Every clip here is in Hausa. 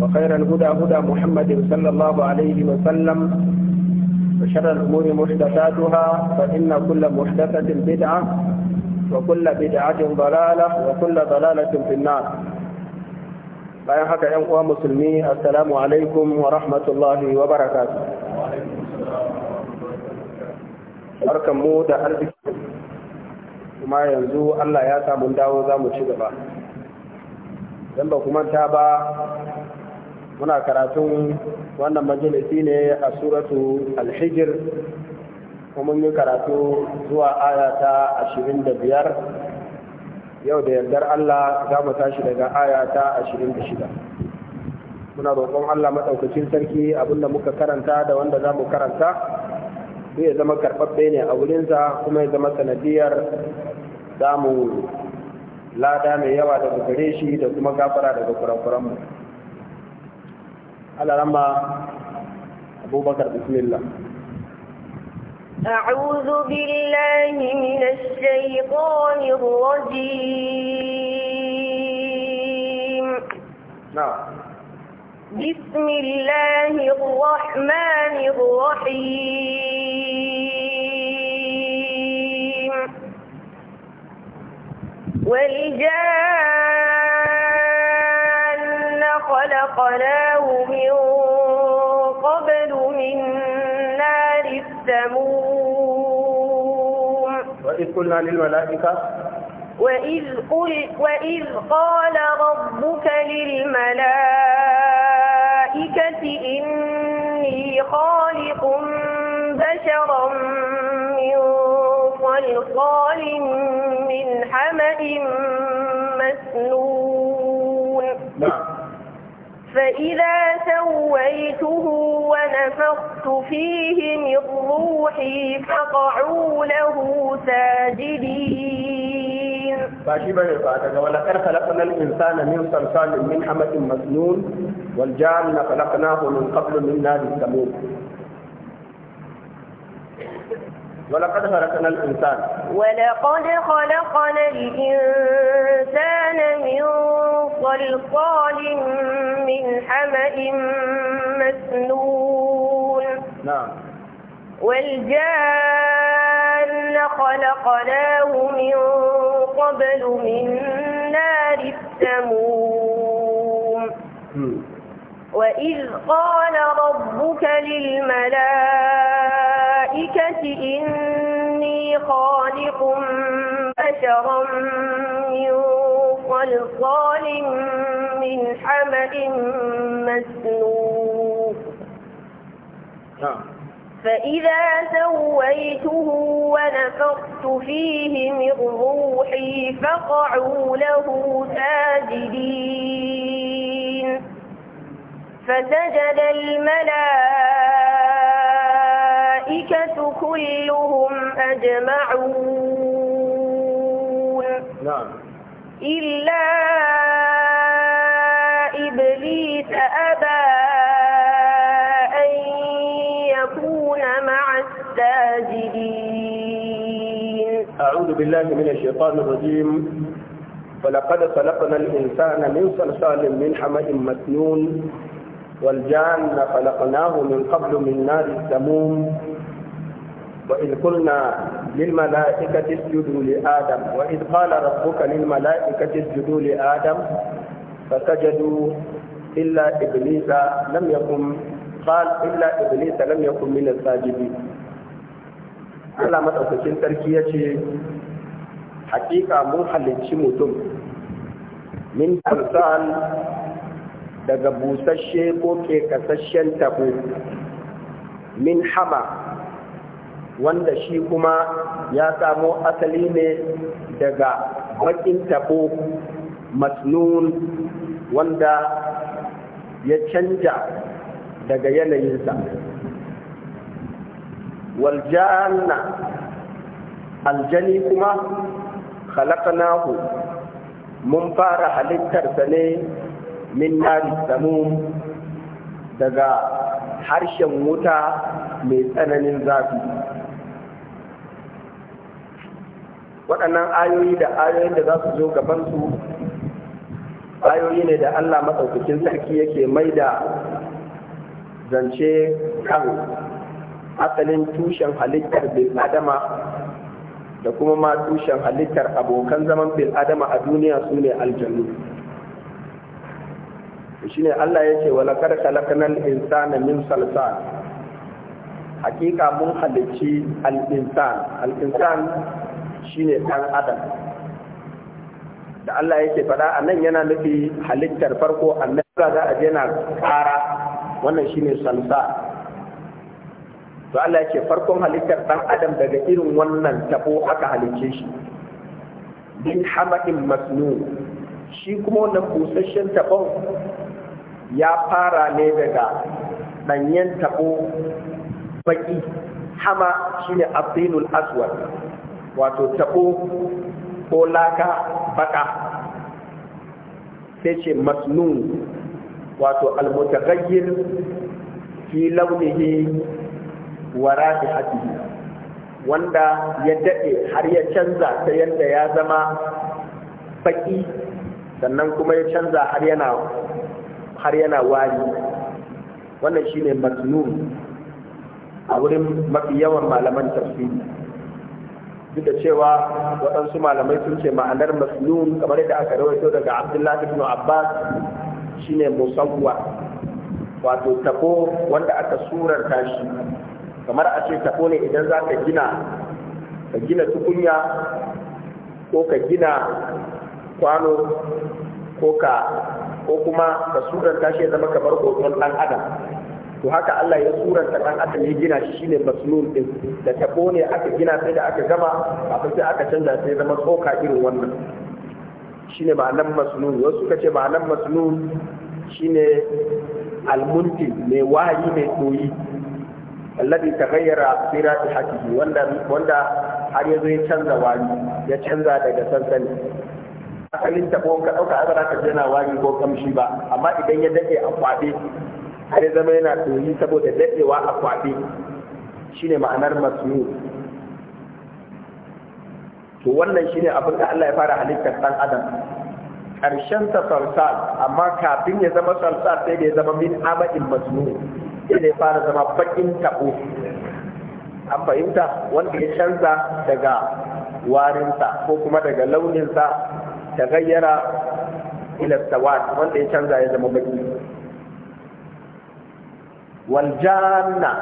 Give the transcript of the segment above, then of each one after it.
وخير الهدى هدى محمد صلى الله عليه وسلم وشر الأمور محدثاتها فإن كل محدثة بدعة وكل بدعة ضلالة وكل ضلالة في النار لا يحق يا أخوة مسلمي السلام عليكم ورحمة الله وبركاته أركم مودة أربك وما ينزو الله يا سامن داو ذا مجدبا لما كمان تابا muna karatun wannan majalisi ne a suratu alhijir mun yi karatu zuwa ayata ta ashirin da biyar yau da yardar Allah za mu tashi daga aya ta ashirin da shida muna roƙon Allah maɗaukacin sarki abinda muka karanta da wanda za mu karanta zai zama karɓaɓɓe ne a wurinsa kuma ya zama sanadiyar za mu lada mai yawa daga gare shi da kuma gafara daga kurakuranmu. mu على لما أبو بكر بسم الله أعوذ بالله من الشيطان الرجيم نعم بسم الله الرحمن الرحيم والجاهل خلقناه من قبل من نار السموم وإذ قلنا للملائكة وإذ, قل وإذ قال ربك للملائكة إني خالق بشرا من صلصال من حمأ فإذا سويته ونفخت فيه من روحي فقعوا له ساجدين باشي بني فاتك ولقد خلقنا الإنسان من صلصال من حمة مسنون والجان خلقناه من قبل من نار السموم ولقد خلقنا الإنسان ولقد خلقنا الإنسان من وصلصال من حمأ مسنون نعم والجان خلقناه من قبل من نار السموم وإذ قال ربك للملائكة إني خالق بشرا صلصال من حمأ مسنون نعم. فإذا سويته ونفخت فيه من روحي فقعوا له ساجدين فسجد الملائكة كلهم أجمعون نعم إلا إبليس أبى أن يكون مع الساجدين أعوذ بالله من الشيطان الرجيم ولقد خلقنا الإنسان من صلصال من حمأ مسنون والجان خلقناه من قبل من نار السموم وإذ قلنا للملائكة اسجدوا لآدم وإذ قال ربك للملائكة اسجدوا لآدم فسجدوا إلا إبليس لم يكن قال إلا إبليس لم يكن من الساجدين Allah maɗaukacin sarki ya ce, Hakika mun halicci mutum, min daga busasshe ko kasashen tabo, min hama wanda shi kuma ya samo asali ne daga bakin tabo masnun wanda ya canja daga yanayinsa waljanna aljani kuma khalaqnahu mun fara halittarsa ne min nari samum daga harshen wuta mai tsananin zafi waɗannan ayoyi da ayoyin da za su zo gabansu ayoyi ne da Allah matsaukakin sarki yake mai da zance kan asalin tushen halittar adama, da kuma ma tushen halittar abokan zaman adama a duniya su ne aljanu shi ne Allah ya ce walakar kalakanal insana min salsal hakika mun halicci al-insan shine ɗan adam da Allah yake faɗa a nan yana nufi halittar farko annabi za a je na kara. wannan shine sansa to Allah yake farkon halittar ɗan adam daga irin wannan tabo aka halicce shi bin hamakin masnu shi kuma wannan busasshen tabon ya fara ne daga ɗanyen tabo baki hama shine abdinul aswad wato tabo ko laka baka sai ce masnun wato almutaghayyir fi launihi wa raihatihi wanda ya dade har ya canza ta yanda ya zama baki sannan kuma ya canza har yana har yana wari wannan shine masnun a wurin mafi yawan malaman tafsiri duk cewa waɗansu malamai sun ce ma'anar masnun kamar yadda aka rawaito daga abdullahi ibn abbas shine musawwa wato tako wanda aka surar shi kamar a ce tako ne idan za ka gina ka gina tukunya ko ka gina kwano ko ka ko kuma ka surar shi ya zama kamar hoton ɗan adam to haka Allah ya suranta dan adam ya gina shi shine maslul din da ta ne aka gina sai da aka gama kafin sai aka canza sai zama tsoka irin wannan shine ma'anar maslul wasu suka ce ma'anar maslul shine almunti mai wahayi mai koyi alladhi taghayyara sirati hakihi wanda wanda har yazo ya canza wani ya canza daga sansani asalin tabo ka dauka azara ka jana wani ko kamshi ba amma idan ya dade a kwabe har zama yana ɗoyi saboda daɗewa a kwaɗe shine ma'anar masnu to wannan shine abin da Allah ya fara halittar ɗan adam ƙarshen ta salsal amma kafin ya zama salsal sai da ya zama min amadin masnu sai da ya fara zama baƙin taɓo an fahimta wanda ya canza daga warinsa ko kuma daga launinsa ta gayyara ila wanda ya canza ya zama baƙi waljanna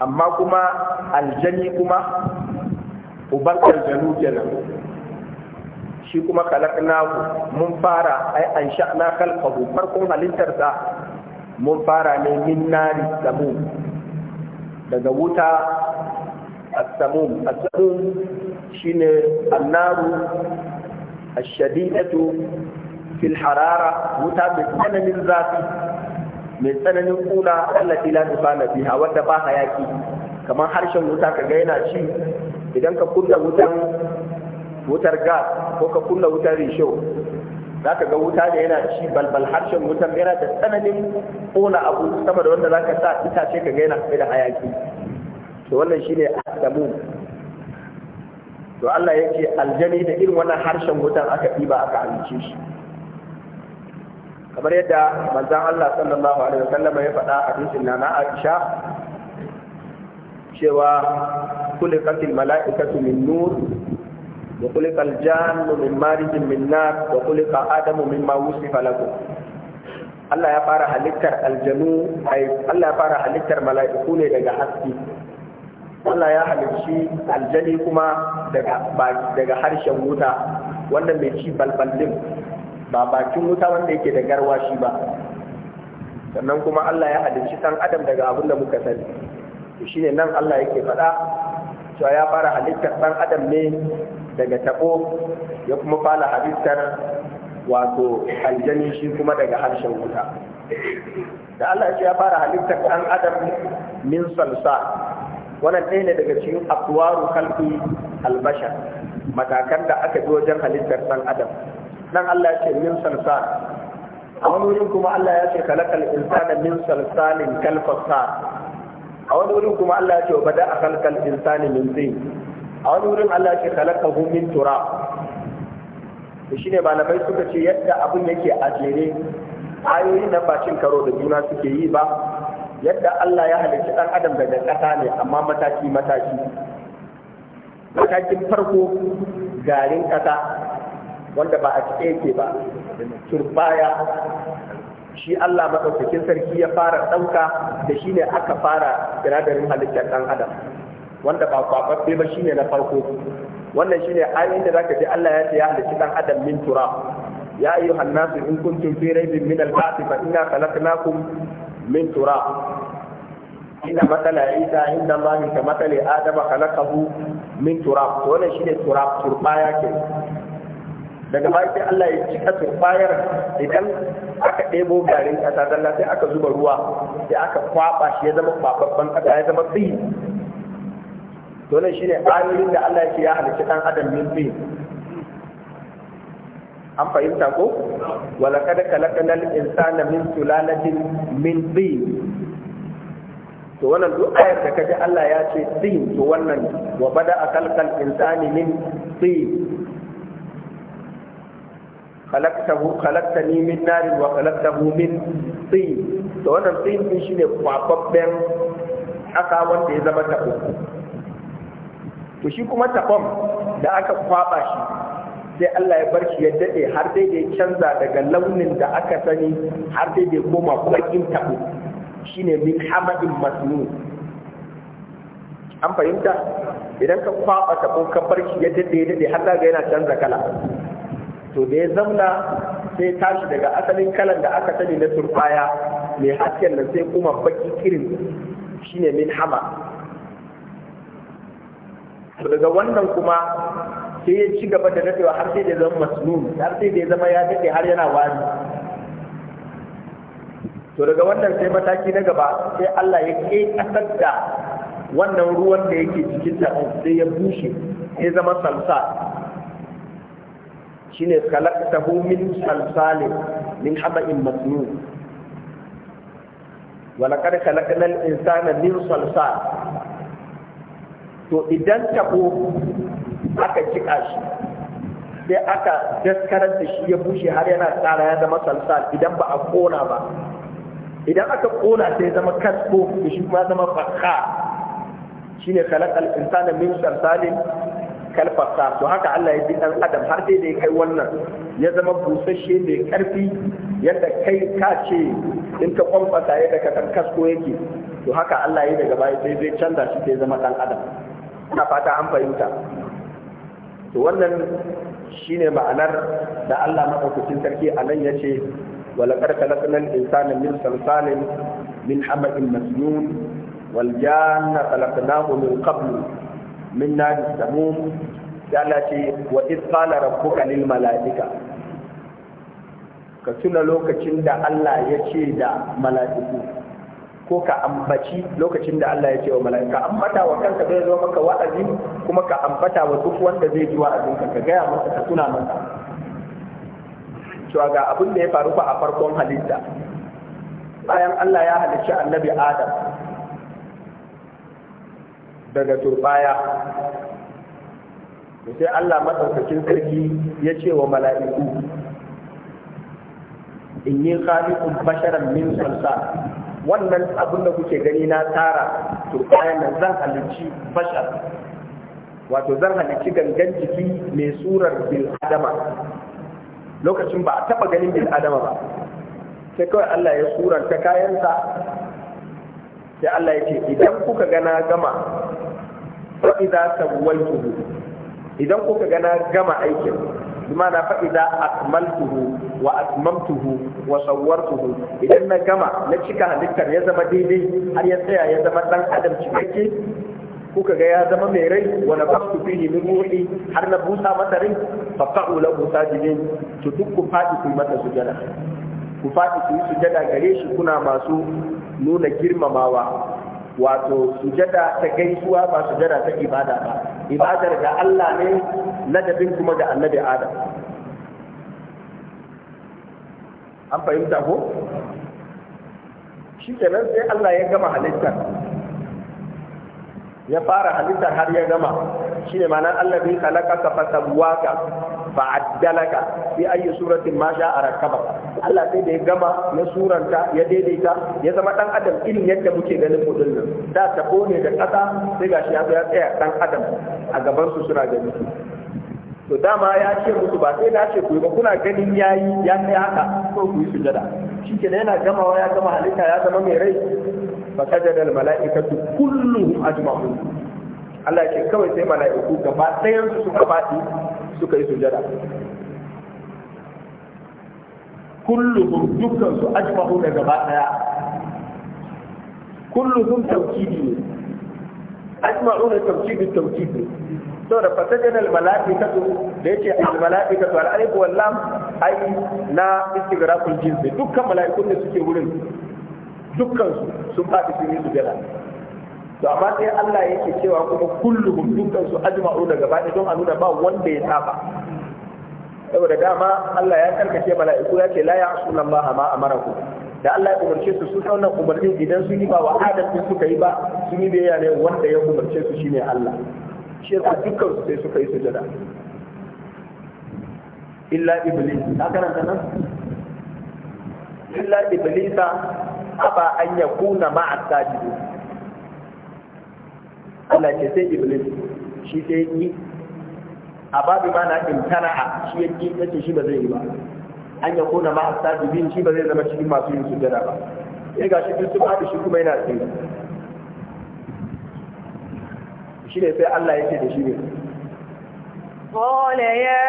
amma kuma aljani kuma uban aljanu shi kuma kalaknahu mun fara ai an sha'na khalqahu farkon halittarsa mun fara ne min nari samu daga wuta as-samum as shine annaru ash-shadidatu fil harara wuta mai tsananin zafi mai tsananin kuna allati la na biha wanda ba hayaki kamar harshen wuta ka ga yana ci idan ka kunna wutan wutar gas ko ka kunna wutar risho za ka ga wuta da yana ci balbal harshen wutan yana da tsananin kona abu sama da wanda za ka sa itace ka ga yana da hayaki to wannan shine asamu to Allah yake aljani da irin wannan harshen wutan aka ɗiba aka amince shi kamar yadda manzan Allah sallallahu alaihi wasallam ya faɗa a hadisin na Aisha cewa kulikatil mala'ikatu min nur da kuli jannu min marijin min nar wa kulika adamu ma wusi lahu Allah ya fara halittar aljanu Allah ya fara halittar mala'iku ne daga haske Allah ya halicci aljani kuma daga daga harshen wuta wannan mai ci balbalin ba bakin wuta wanda yake da garwashi ba sannan kuma Allah ya halicci san adam daga abin da muka sani to shine nan Allah yake faɗa cewa ya fara halittar san adam ne daga tabo ya kuma fara halittar wato aljani shi kuma daga harshen wuta da Allah ya fara halittar san adam min salsa wannan ɗaya ne daga cikin afwaru kalbi albashar matakan da aka bi wajen halittar san adam nan Allah ya ce min salsal a wani wurin kuma Allah ya ce kalakal insana min salsalin kalfasa a wani wurin kuma Allah ya ce wa bada a kalkal insani min zai a wani wurin Allah ya ce kalakahu min tura. Da shi ne malamai suka ce yadda abun yake a jere ayoyin nan ba cin karo da juna suke yi ba yadda Allah ya halicci ɗan adam daga ƙasa ne amma mataki mataki matakin farko garin ƙasa wanda ba a cike yake ba turbaya shi Allah maɗaukakin sarki ya fara ɗauka da shi ne aka fara sinadarin halittar ɗan adam wanda ba kwaɓaɓɓe ba shi ne na farko wannan shi ne ayoyin da za ka ji Allah ya ce ya halitta ɗan adam min tura ya yi hannasu in kuntum fi raibin min al-ba'thi fa inna khalaqnakum min tura inna matsala isa inda Allah ka matsala adama khalaqahu min turab to wannan shine turab turbaya ke daga baki Allah ya cika turbayar idan aka ɗebo garin ƙasa zalla sai aka zuba ruwa sai aka kwaɓa shi ya zama kwababban ƙasa ya zama tsayi dole shi ne ayoyin da Allah ya ce ya halicci ɗan adam min bi an fahimta ko wala kada kalakanal insana min sulalatin min bi to wannan duk ayar da kaji Allah ya ce tsayi to wannan wa bada a kalkal insani min tsayi khalaqtahu khalaqtani min narin wa khalaqtahu min tin to wannan tin din shine kwakwabben aka wanda ya zama tabo to shi kuma tabon da aka kwaba shi sai Allah ya bar shi ya dade har dai da ya canza daga launin da aka sani har dai da ya koma kwakin tabo shine min hamadin masnu an fahimta idan ka kwaba tabo ka bar shi ya dade ya dade har ga yana canza kala to da ya zamna sai tashi daga asalin kalan da aka sani na turbaya mai hasken nan sai kuma baki kirin shine min hama to daga wannan kuma sai ya ci gaba da dadewa har sai da zama masnun har sai da ya zama ya dade har yana wani to daga wannan sai mataki na gaba sai Allah ya ke kasar da wannan ruwan da yake cikin ta sai ya bushe sai zama salsa shine khalaqtahu min salsalin min haba'in masnun wa laqad khalaqnal insana min salsal to idan ta tabo aka cika shi sai aka daskarar da shi ya bushe har yana tsara ya zama salsal idan ba a kona ba idan aka kona sai zama kasbo da shi kuma zama fakka shine khalaqal insana min salsalin kalfasa to haka Allah ya ji dan adam har sai da ya kai wannan ya zama busasshe mai karfi yadda kai ka ce in ka kwamfata yadda ka kan kasko yake to haka Allah ya daga baya sai zai canza shi sai zama dan adam ina fata an fahimta to wannan shine ma'anar da Allah madaukakin sarki a nan ce walakar خلقنا insanin min صلصال من حمأ مسنون والجان خلقناه من قبل من نار السموم ya شيء wa قال ربك lil malaika ka tuna lokacin da Allah ya ce da ko ka ambaci lokacin da Allah ya ce wa mala'ika ambata wa kanka zai zo maka wa'azi kuma ka ambata wa duk wanda zai ji wa'azin ka ka gaya masa ka tuna masa cewa ga abin da ya faru ba a farkon halitta bayan Allah ya halicci annabi Adam daga turbaya da sai Allah maɗaukakin sarki ya ce wa mala'iku in yi khaliqun basharan min salsa wannan abin da kuke gani na tara turbayan nan zan halicci bashar wato zan halicci gangan jiki mai surar bil adama lokacin ba a taɓa ganin bil adama ba sai kawai Allah ya suranta kayansa sai Allah ya ce idan kuka ga na gama fa idan sawwaytuhu idan kuka ga gama aikin na fa idza akmaltuhu wa atmamtuhu wa idan na gama na cika halittar ya zama daidai har ya tsaya ya zama ɗan adam cikakke kuka ga ya zama mai rai wa fasu fihi min ruhi har na busa masa rai fa qa'u lahu to duk ku fadi ku masa sujada ku fadi ku yi sujada gare shi kuna masu nuna girmamawa wato sujada ta gaisuwa ba sujada ta ibada ba ibadar ga Allah ne ladabin kuma ga annabi Adam an fahimta ko shi kenan sai Allah ya gama halittar ya fara halittar har ya gama shi ne ma'anar Allah bin kalaka ka fasawaka fa'addalaka fi ayi suratin ma sha rakaba Allah sai da ya gama ya suranta ya daidaita ya zama dan adam irin yadda muke ganin mu nan da ta ne da kasa sai gashi ya ya tsaya dan adam a gaban su suna gani to dama ya ce musu ba sai na ce ku ba kuna ganin yayi ya kai haka ko ku yi sujada shikenan yana gamawa ya gama halitta ya zama mai rai fa sajada al mala'ikatu kulluhum ajma'un Allah ke kawai sai mala'iku gaba ɗayan su suka faɗi suka yi sujada kulluhum dukkan su ajmahu da gaba ɗaya kulluhum tawkidi ne ajma'u da tawkidi tawkidi saboda fasajen al-mala'ikatu da yake al mala'ika su, alif wa lam ai na istighraqul jinsi dukkan mala'ikun ne suke wurin dukkan su sun faɗi sun yi sujada to amma sai Allah yake cewa kuma kulluhum dukkan su ajma'u daga bani don a nuna ba wanda ya saba saboda dama Allah ya karkace mala'iku ya ce la ya'suna Allah ma amaraku da Allah ya umarce su su wannan umarnin idan sun yi ba wa adalci suka yi ba sun yi da ne wanda ya umarce su shine Allah shi yasa dukkan su sai suka yi sujada illa iblis ka karanta nan illa iblisa aba an yakuna ma'a sajidin Allah ce sai iblis shi sai yi a babu in tana imtana'a shi yake yace shi ba zai yi ba an ya kona ma asabibin shi ba zai zama cikin masu yin sujada ba sai ga shi duk babu shi kuma yana tsaye shi ne sai Allah yake da shi ne qala ya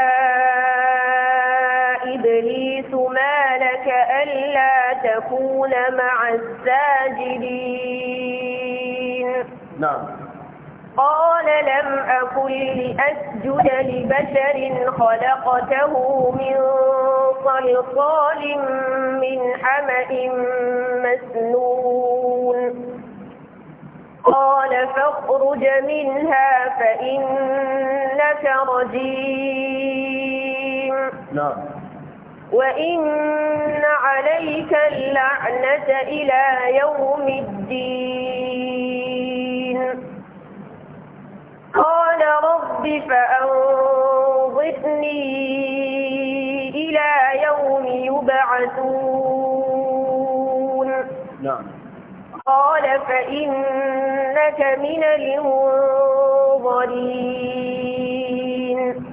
iblis ma laka alla takuna ma'a sajidin na'am قال لم أكن لأسجد لبشر خلقته من صلصال من حمأ مسنون قال فاخرج منها فإنك رجيم نعم وإن عليك اللعنة إلى يوم الدين قال رب فأنظفني إلى يوم يبعثون نعم قال فإنك من المنظرين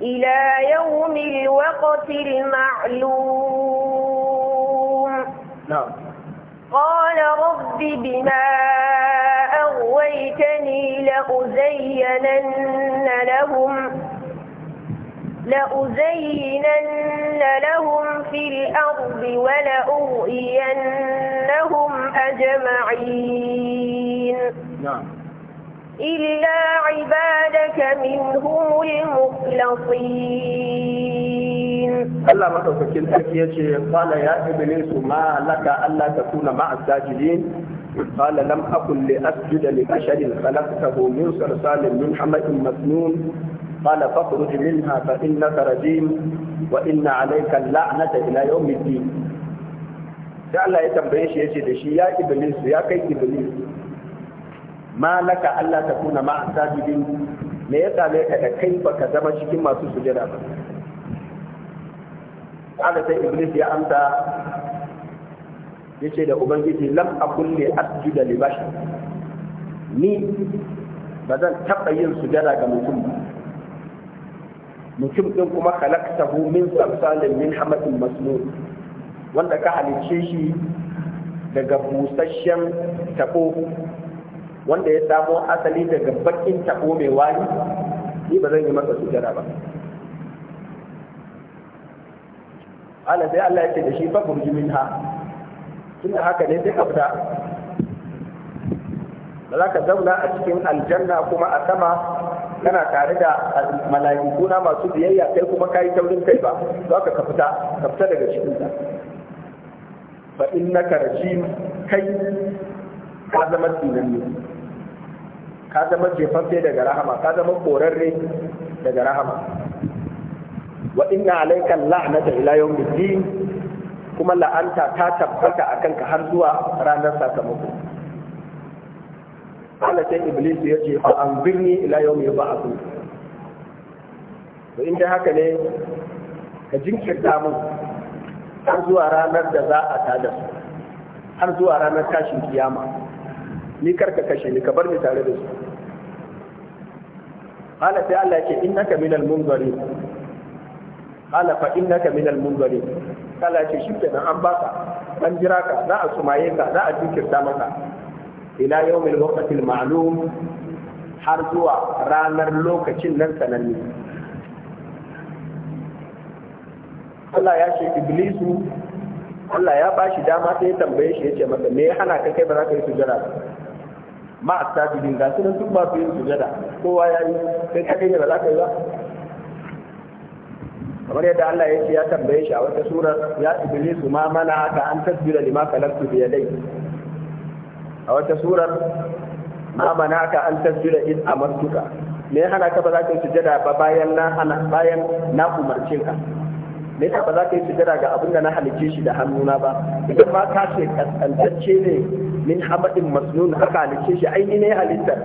إلى يوم الوقت المعلوم نعم قال رب بما ليتني لأزينن لهم لأزينن لهم في الأرض ولأغوينهم أجمعين نعم إلا عبادك منهم المخلصين الله ما تفكر تكيه قال يا إبليس ما لك ألا تكون مع الساجدين قال لم أكن لأسجد لبشر خلقته من صلصال من حمأ مسنون قال فاخرج منها فإنك رجيم وإن عليك اللعنة إلى يوم الدين sai Allah ya tambaye shi yace da shi ya iblis ya kai iblis ma laka Allah ta kuna ma sajidin me ya same ka da kai baka zama cikin masu sujada ba Allah sai iblis ya amsa yace da ubangiji lam akun li asjuda li bashar ni bazan zan taɓa yin sujada ga mutum ba mutum din kuma khalaqtahu min salsalin min hamatin masnun wanda ka halicce shi daga busasshen tabo wanda ya samo asali daga bakin tabo mai wani ni ba zan yi masa sujada ba ala sai Allah ya ce da shi fa minha tun da haka ne sai ka fita ba za ka zauna a cikin aljanna kuma a sama kana tare da mala'iku na masu biyayya kai kuma kayi taurin kai ba za ka ka fita ka fita daga cikin ta fa innaka rajim kai ka zama ne ka zama jefafe daga rahama ka zama korarre daga rahama wa inna alayka la'nata ila yawmiddin kuma la'anta ta tabbata a kanka har zuwa ranar sakamako Allah sai Iblis ya ce an birni ila yau mai yawmi yub'athu to in ta haka ne ka jinkirta mu har zuwa ranar da za a tada su har zuwa ranar tashin kiyama ni karka kashe ni ka bar ni tare da su Allah sai Allah ya ce innaka minal munzari Allah fa innaka minal munzari kala ce shi kenan an baka an jira ka za a sumaye ka za a jinkirta maka ila yawmil waqtil ma'lum har zuwa ranar lokacin nan sananne Allah ya ce Iblisu Allah ya ba shi dama sai ya tambaye shi ya ce masa me ya hana ka kai ba za ka yi sujada ba ma a sajidin ga sunan duk su yin sujada kowa ya yi sai ka kai ba za ka yi ba kamar yadda Allah ya ce ya tambaye shi a wata sura ya iblisu ma mana haka an tasbira lima kalaktu bi yadai a wata surar ma mana haka an tasbira in amartuka me hana ka ba za ka yi sujada ba bayan na hana bayan na umarce ka me ka ba za ka yi sujada ga abin da na halicce shi da hannuna ba idan ma ka ce kaskantacce ne min hamadin masnun haka halicce shi ai ni ne halittar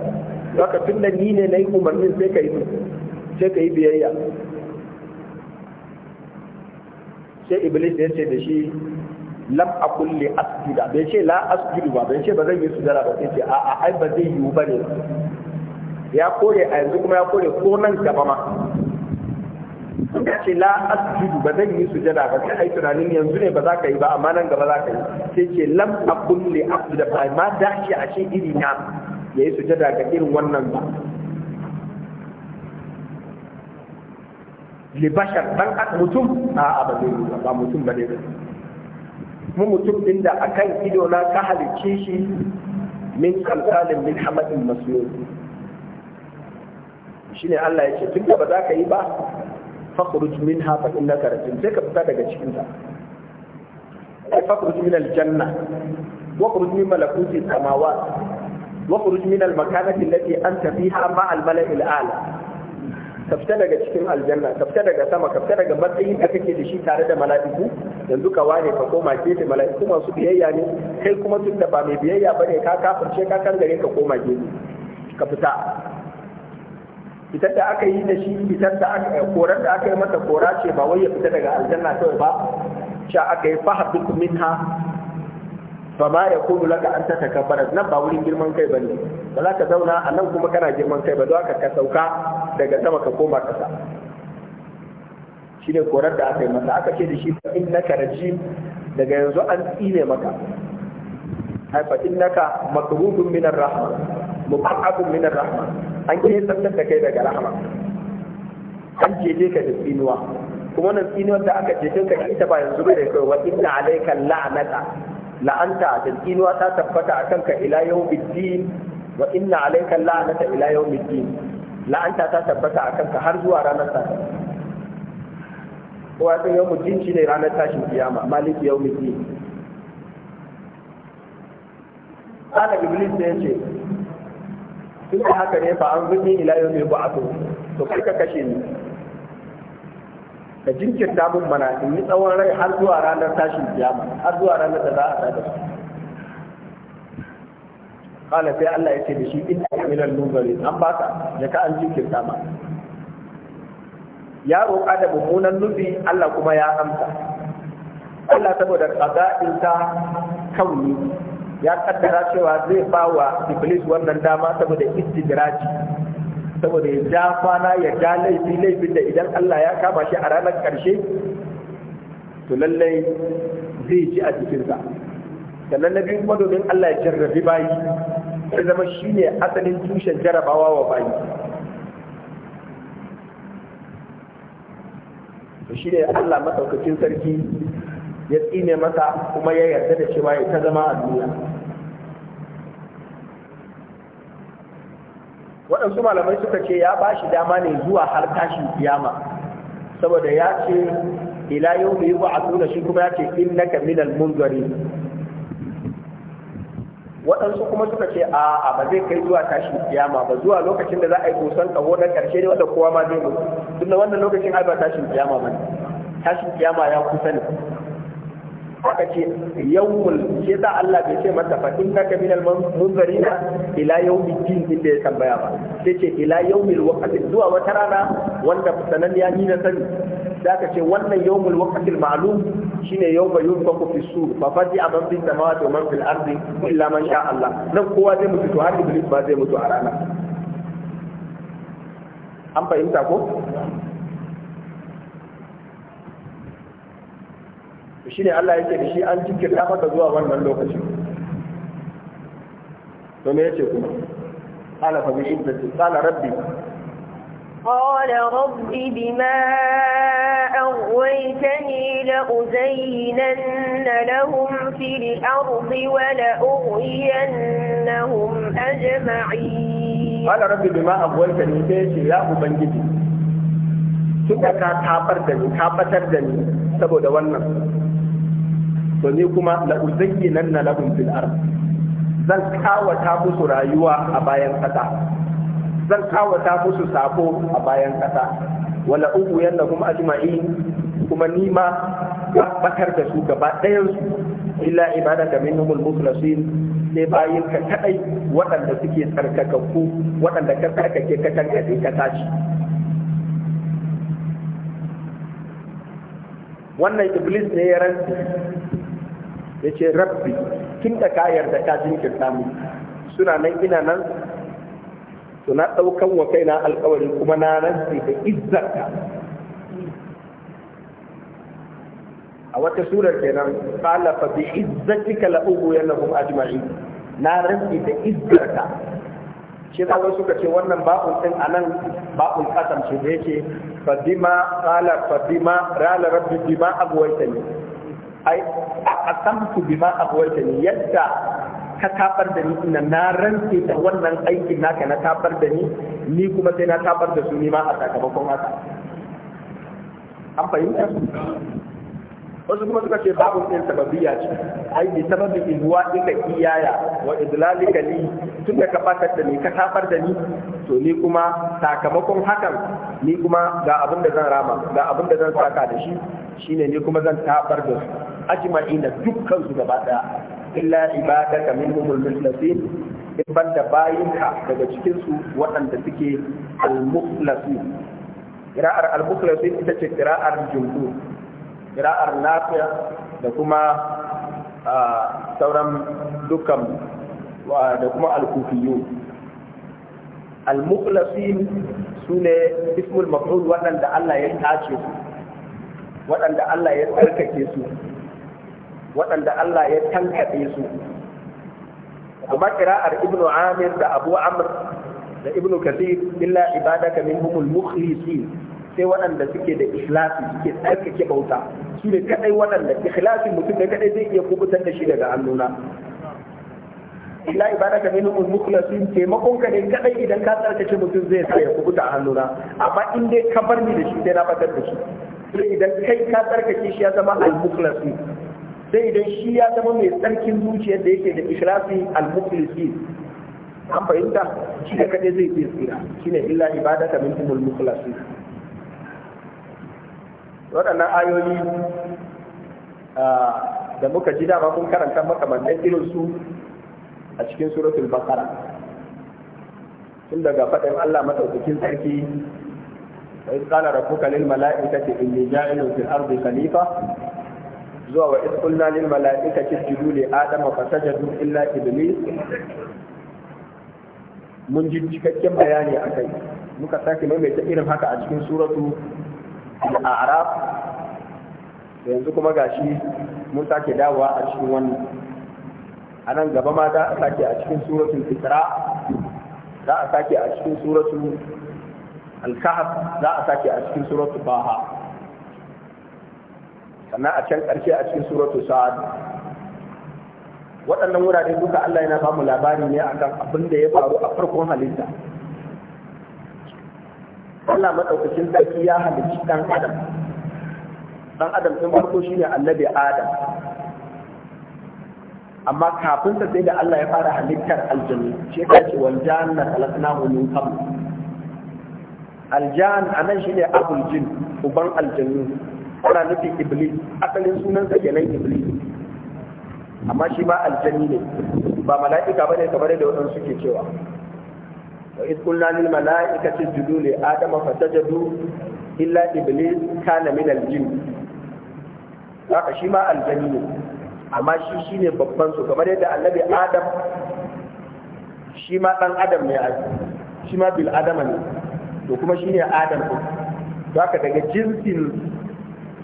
baka tunda ni ne na yi umarnin sai ka yi sai ka yi biyayya sai iblis ya ce da shi lam akul li asjuda bai ce la asjudu ba bai ce ba zan yi sujada ba sai ce a a ai ba zai yiwu ne. ya kore a yanzu kuma ya kore ko nan gaba ma ya ce la asjudu ba zan yi sujada ba sai ai tunanin yanzu ne ba za ka yi ba amma nan gaba za ka yi sai ce lam akul li asjuda ba ma dashi a shi iri na yayi sujada ga irin wannan ba libashar dan mutum a ba zai ba mutum ba ne mu mutum din da akan ido na ka halicce shi min kalkalin min hamadin masnun shine Allah ya ce tun da ba za ka yi ba fakhruj minha fa innaka rajim sai ka fita daga cikin ta ai fakhruj min aljanna wa khruj min malakuti samawat wa khruj min almakanati allati anta fiha ma almala'i ala ka fita daga cikin aljanna ka fita daga sama ka fita daga matsayin da kake da shi tare da mala'iku yanzu ka ware ka koma gefe mala'iku masu biyayya ne kai kuma tun da ba mai biyayya bane ka kafirce ka kan gare ka koma gefe ka fita fitar da aka yi da shi fitar da aka eh, korar da aka yi masa kora ce ba wai ya fita daga aljanna kawai ba sha aka yi fahabit minha fa ma kunu laka an takabbara nan ba wurin girman kai bane ba za ka zauna a nan kuma kana girman kai ba don haka ka sauka daga sama ka koma kasa ne korar da aka yi masa aka ce da shi fa innaka rajim daga yanzu an tsine maka ai fa innaka makrubun minar rahma muqaqqabun minar rahma an ke tsantar da kai daga rahma an jeje ka da tsinuwa kuma wannan tsinuwar da aka jeje ka ita ba yanzu bai da kai wa inna alayka la'nata la'anta da tsinuwa ta tabbata a kanka ila yawmiddin wa inna alayka la'nata ila yawmiddin la'anta ta tabbata a kanka har zuwa ranar ta kowa sai yawmiddin ne ranar tashin kiyama maliki yawmiddin ana iblis ne yace in haka ne fa an zuni ila yawmi ba'atu to kai ka kashe ni ka jinkirta mun mana in yi tsawon rai har zuwa ranar tashin kiyama har zuwa ranar da za a tada su kala sai Allah ya ce da shi inna kamilal nuzari an baka da ka an jinkirta ma ya roƙa da mummunan nufi Allah kuma ya amsa Allah saboda qada'insa kauni ya kaddara cewa zai bawa iblis wannan dama saboda istidraji saboda ya ja kwana ya ja laifi laifin da idan Allah ya kama shi a ranar ƙarshe to lallai zai ci a jikinsa sannan na biyu madomin Allah ya jarrabi bayi ya zama shi ne asalin tushen jarabawa wa bayi shi ne Allah masaukacin sarki ya tsine masa kuma ya yarda da cewa ya ta zama a duniya waɗansu malamai suka ce ya ba shi dama ne zuwa har tashin kiyama saboda ya ce ila yau da yi ba a tuna shi kuma ya ce in na kamilan mungari waɗansu kuma suka ce a ba zai kai zuwa tashin kiyama ba zuwa lokacin da za a yi kusan kaho na ƙarshe ne wanda kowa ma zai mutu tunda wannan lokacin ai ba tashin kiyama ba ne tashin kiyama ya kusa ne aka ce yawmul shi yasa Allah bai ce mata fa innaka minal na ila yawmid din da ya tambaya ba sai ce ila yawmil waqti zuwa wata rana wanda sananniya ni na sani zaka ce wannan yawmul waqti ma'lum shine yau ba yawma yunfaku fi Ba fa ji a aman fi samawati wa man fil ardi illa man sha Allah nan kowa zai mutu to har iblis ba zai mutu a rana an fahimta ko shi ne Allah yake da shi an jinkirta maka zuwa wannan lokacin to me yace kuma ala fa bi izzati qala rabbi qala rabbi bima أغويتني لأزينن لهم في الأرض ولأغوينهم أجمعين قال رب بما أغويتني فيش يا أبنجدي suka ka tabar da ni tabbatar da ni saboda wannan to ni kuma la uzayyinan lahum fil ard zan kawata musu rayuwa a bayan kasa zan kawata musu sako a bayan kasa wala uku kuma ajma'in kuma ni ma bakar da su gaba ɗayan su illa ibadaka minhumul mukhlasin sai bayin ka kadai waɗanda suke tsarkakakku waɗanda ka tsarkake ka tankaɗe ka tashi wannan iblis ne ya rantsi ya ce rabbi tun da ka yarda ka jinkirta mu suna nan ina nan to na ɗaukan wa kaina alkawari kuma na rantsi da izzarka a wata surar kenan qala fa bi izzatika la ughwiyannahum ajma'in na rantsi da izzarka shi da wasu suka ce wannan ba'un din anan ba'un kasance da yake fa bima qala fa bima qala rabbi bima aghwaytani ai a bima ni yadda ka tabar da ni ina na rance da wannan aikin naka na tabar da ni ni kuma sai na tabar da su ni ma a sakamakon haka an fahimta wasu kuma suka ce babu ɗin sababiyya ce ai bi sababin izuwa ɗinka iyaya wa idlalika li tun da ka batar da ni ka tafar da ni to ni kuma sakamakon hakan ni kuma ga abin da zan rama ga abin da zan saka da shi shine ni kuma zan tafar da su ajma'ina dukkan su gaba daya illa ibadaka minhumul muslimin in banda bayinka daga cikin su waɗanda suke al-mukhlasin qira'ar al-mukhlasin ita ce qira'ar jumhur kira'ar nafiya da kuma sauran dukkan da kuma al-kufiyu al-mukhlasin sune ismul maf'ul waɗanda Allah ya tace su waɗanda Allah ya tsarkake su waɗanda Allah ya tankaɗe su kuma kira'ar ibnu amir da abu amr da ibnu kathir illa ibadaka minhumul mukhlisin sai waɗanda suke da ikhlasi suke tsarkake bauta su ne kadai waɗanda ikhlasin mutum da kadai zai iya kubutar da shi daga hannuna illa ibadaka minhum al-mukhlasin taimakon ka ne kadai idan ka tsarkake mutum zai sa ya kubuta a hannuna amma in dai ka bar ni da shi sai na batar da shi sai idan kai ka tsarkake shi ya zama al-mukhlasin sai idan shi ya zama mai tsarkin zuciyar da yake da ikhlasi al-mukhlasin an fahimta shi da kadai zai tsira shine illa ibadaka minhum al-mukhlasin waɗannan ayoyi da muka ji dama mun karanta makamantan irin su a cikin suratul baqara tun daga faɗin Allah madaukakin sarki da kuka وإذ قال ce, in إني جاعل في الأرض Khalifa, zuwa wa in kulna lil mala'ikati isjudu li adama fasajadu illa iblis mun ji cikakken bayani kai, muka sake maimaita irin haka a cikin suratu al'araf yanzu kuma gashi mun sake dawowa a cikin wannan a nan gaba ma za a sake a cikin suratun fitra za a sake a cikin suratun alkahar za a sake a cikin suratun baha sannan a can karshe a cikin suratun sa'ad waɗannan wurare duka Allah yana ba mu labari ne akan abin da ya faru a farkon halitta Allah madaukakin sarki ya halicci dan adam dan adam sun farko ne annabi adam amma kafin ta sai da Allah ya fara halittar aljanna shi ka ce wal janna khalaqnahu min qabl aljan anan shine abul jin uban aljannu ana nufin iblis asalin sunan sa kenan iblis amma shi ma Aljani ne ba mala'ika bane kamar da wadansu suke cewa وإذ قلنا للملائكة اسجدوا لآدم فسجدوا إلا إبليس كان من الجن haka shi ma aljani ne amma shi shine babban su kamar yadda annabi adam shi ma dan adam ne shi ma bil adama ne to kuma shine adam ko haka daga jinsin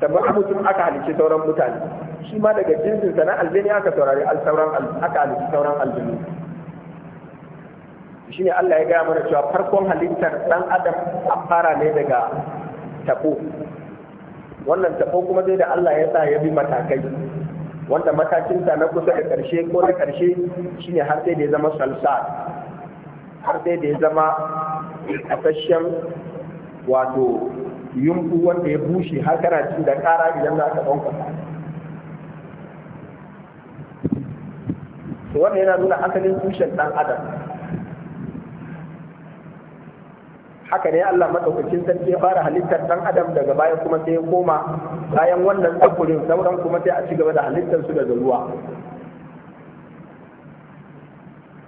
da mutum aka halice sauran mutane shi ma daga jinsin sana aljani aka saurari sauran aka halice sauran aljani shine Allah ya gaya mana cewa farkon halittar dan adam an fara ne daga tabo wannan tabo kuma dai da Allah ya sa ya bi matakai wanda matakin sa na kusa da karshe ko na karshe shine har sai da ya zama salsa har sai da ya zama kasashen wato yumbu wanda ya bushe har kana cin da kara idan za ka ɗauka wannan yana nuna asalin tushen ɗan adam haka ne Allah madaukakin sarki ya fara halittar dan adam daga baya kuma sai ya koma bayan wannan tsakurin sauran kuma sai a ci gaba da halittar su daga ruwa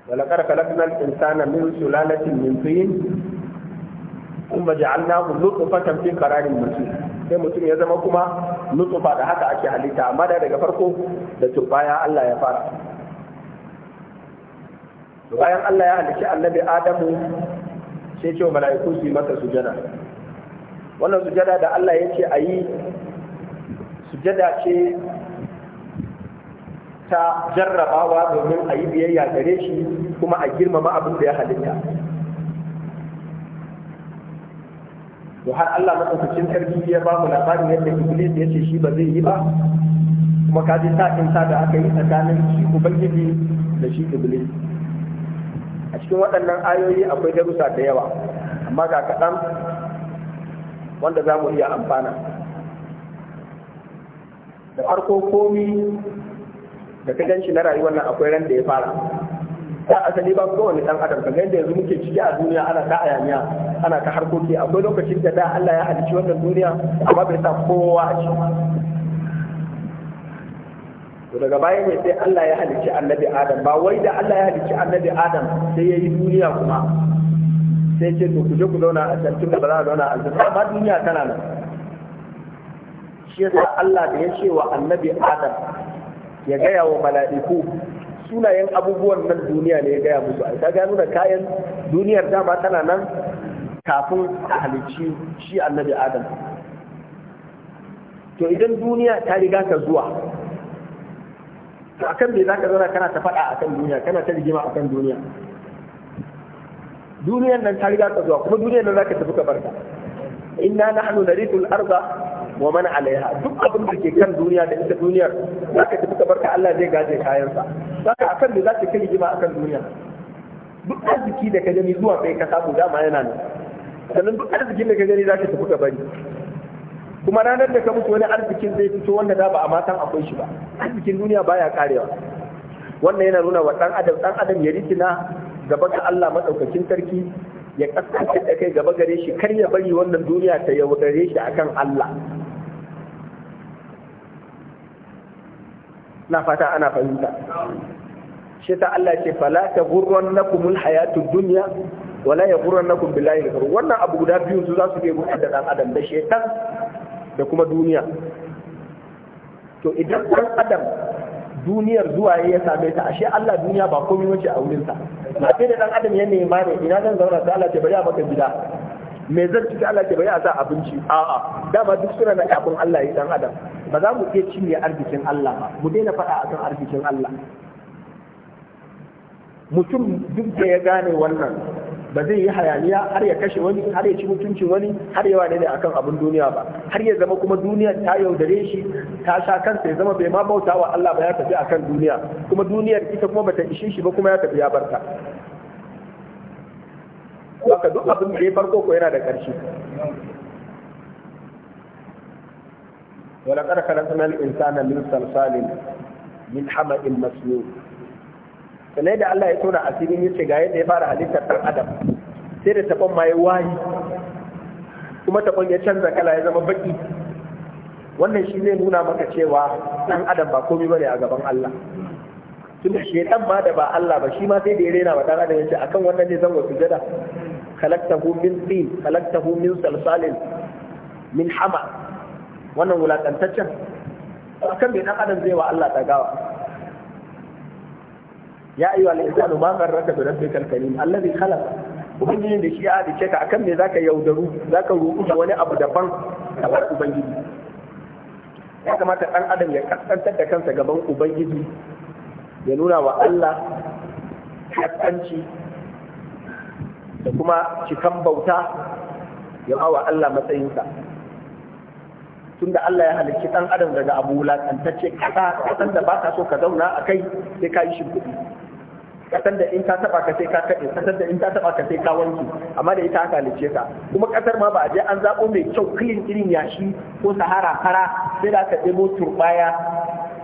ولقد خلقنا الإنسان من سلالة من طين ثم جعلناه nutfatan fi qararin مكين sai mutum ya zama kuma nutfa da haka ake halitta amma da daga farko da baya Allah ya fara bayan Allah ya halicci annabi Adamu sai ce wa mala'iku su yi masa sujada wannan sujada da Allah ya ce a yi sujada ce ta jarrabawa domin a yi biyayya gare shi kuma a girmama abin da ya halitta to har Allah madaukakin karfi ya ba mu labarin yadda Iblis ya ce shi ba zai yi ba kuma kaji sa'in sa da aka yi tsakanin shi Ubangiji da shi Iblis a cikin waɗannan ayoyi akwai darussa da yawa amma ga kaɗan wanda za mu iya amfana da farko komi da ta ganci na rayuwar nan akwai ran da ya fara ta asali ba kowane ɗan adam kaga yadda yanzu muke ciki a duniya ana ta ayaniya ana ta harkoki akwai lokacin da da Allah ya halicci wannan duniya amma bai sa kowa a ciki to daga baya ne sai Allah ya halicci annabi Adam ba wai da Allah ya halicci annabi Adam sai ya yi duniya kuma sai ce to ku je ku zauna a can tun da ba za a zauna a can ba duniya tana nan shi yasa Allah da ya ce wa annabi Adam ya gaya wa mala'iku sunayen abubuwan nan duniya ne ya gaya musu a ta gano da kayan duniyar dama tana nan kafin a halicci shi annabi adam to idan duniya ta riga ka zuwa to akan me zaka zauna kana ta faɗa akan duniya kana ta rigima akan duniya duniyar nan ta riga ta zuwa kuma duniyar nan zaka tafi ka barka inna nahnu narithul arda wa man 'alayha duk abin da ke kan duniya da ita duniyar zaka tafi ka barka Allah zai gaje kayan sa zaka akan me zaka kai rigima akan duniya duk arziki da ka gani zuwa kai ka samu dama yana nan sannan duk arzikin da ka gani zaka tafi ka bari kuma ranar da ka mutu wani arzikin zai fito wanda da ba a matan akwai shi ba arzikin duniya baya karewa wannan yana nuna wa dan adam dan adam ya rikina gaba ga Allah madaukakin sarki ya kasance da kai gaba gare shi kar ya bari wannan duniya ta yaudare shi akan Allah na fata ana fahimta shi ta Allah ce fala ta gurron na kumul duniya wala ya gurron na kumbilayi wannan abu guda biyu su za su ke gudu da dan adam da shetan da kuma duniya to idan ɗan adam duniyar zuwa ya same ta ashe Allah duniya ba komai wace a wurinsa na sai da ɗan adam ya nema ne ina zan zauna sai Allah ke bari a maka gida me zan ci Allah ke bari a sa abinci a'a dama duk suna na kafin Allah ya ɗan adam ba za mu iya cinye arzikin Allah ba mu daina faɗa akan arzikin Allah mutum duk da ya gane wannan ba zai yi hayaniya har ya kashe wani har ya ci mutuncin wani har yawa ne akan abin duniya ba har ya zama kuma duniya ta yaudare shi ta sha kansa ya zama bai ma bauta wa Allah ba ya tafi akan duniya kuma duniyar ita kuma bata ishe shi ba kuma ya tafi ya barta haka duk abin da ya farko ko yana da ƙarshe ولقد خلقنا insana min salsalin min hama'in masnun sannan da Allah ya tona asirin yace ga yadda ya fara halittar ɗan adam sai da taɓon ma ya wayi kuma taɓon ya canza kala ya zama baƙi wannan shi zai nuna maka cewa ɗan adam ba komai bane a gaban Allah shi ɗan ba da ba Allah ba shi ma sai da ya rena wa ɗan adam yace akan wannan ne zan wa sujada khalaqtahu min tin khalaqtahu min salsalin min hama wannan wulakantaccen akan me ɗan adam zai wa Allah ɗagawa ya ayyuha al-insanu ma gharraka bi rabbikal karim alladhi khalaq ubangijin da shi ya halice ka akan me zaka yaudaru zaka ruku da wani abu daban da bar ubangiji ya kamata dan adam ya kaskantar da kansa gaban ubangiji ya nuna wa Allah kaskanci da kuma cikan bauta ya bawa Allah matsayinsa tunda Allah ya halicci ɗan adam daga abu wulaƙantacce ƙasa ƙasan da ba ka so ka zauna a kai sai ka yi shimfiɗi kasar da in ka taba ka sai ka kade kasar da in ka taba ka sai ka wanke amma da ita aka lice ka kuma kasar ma ba a je an zabo mai kyau clean irin yashi ko sahara kara sai da aka ɗebo turbaya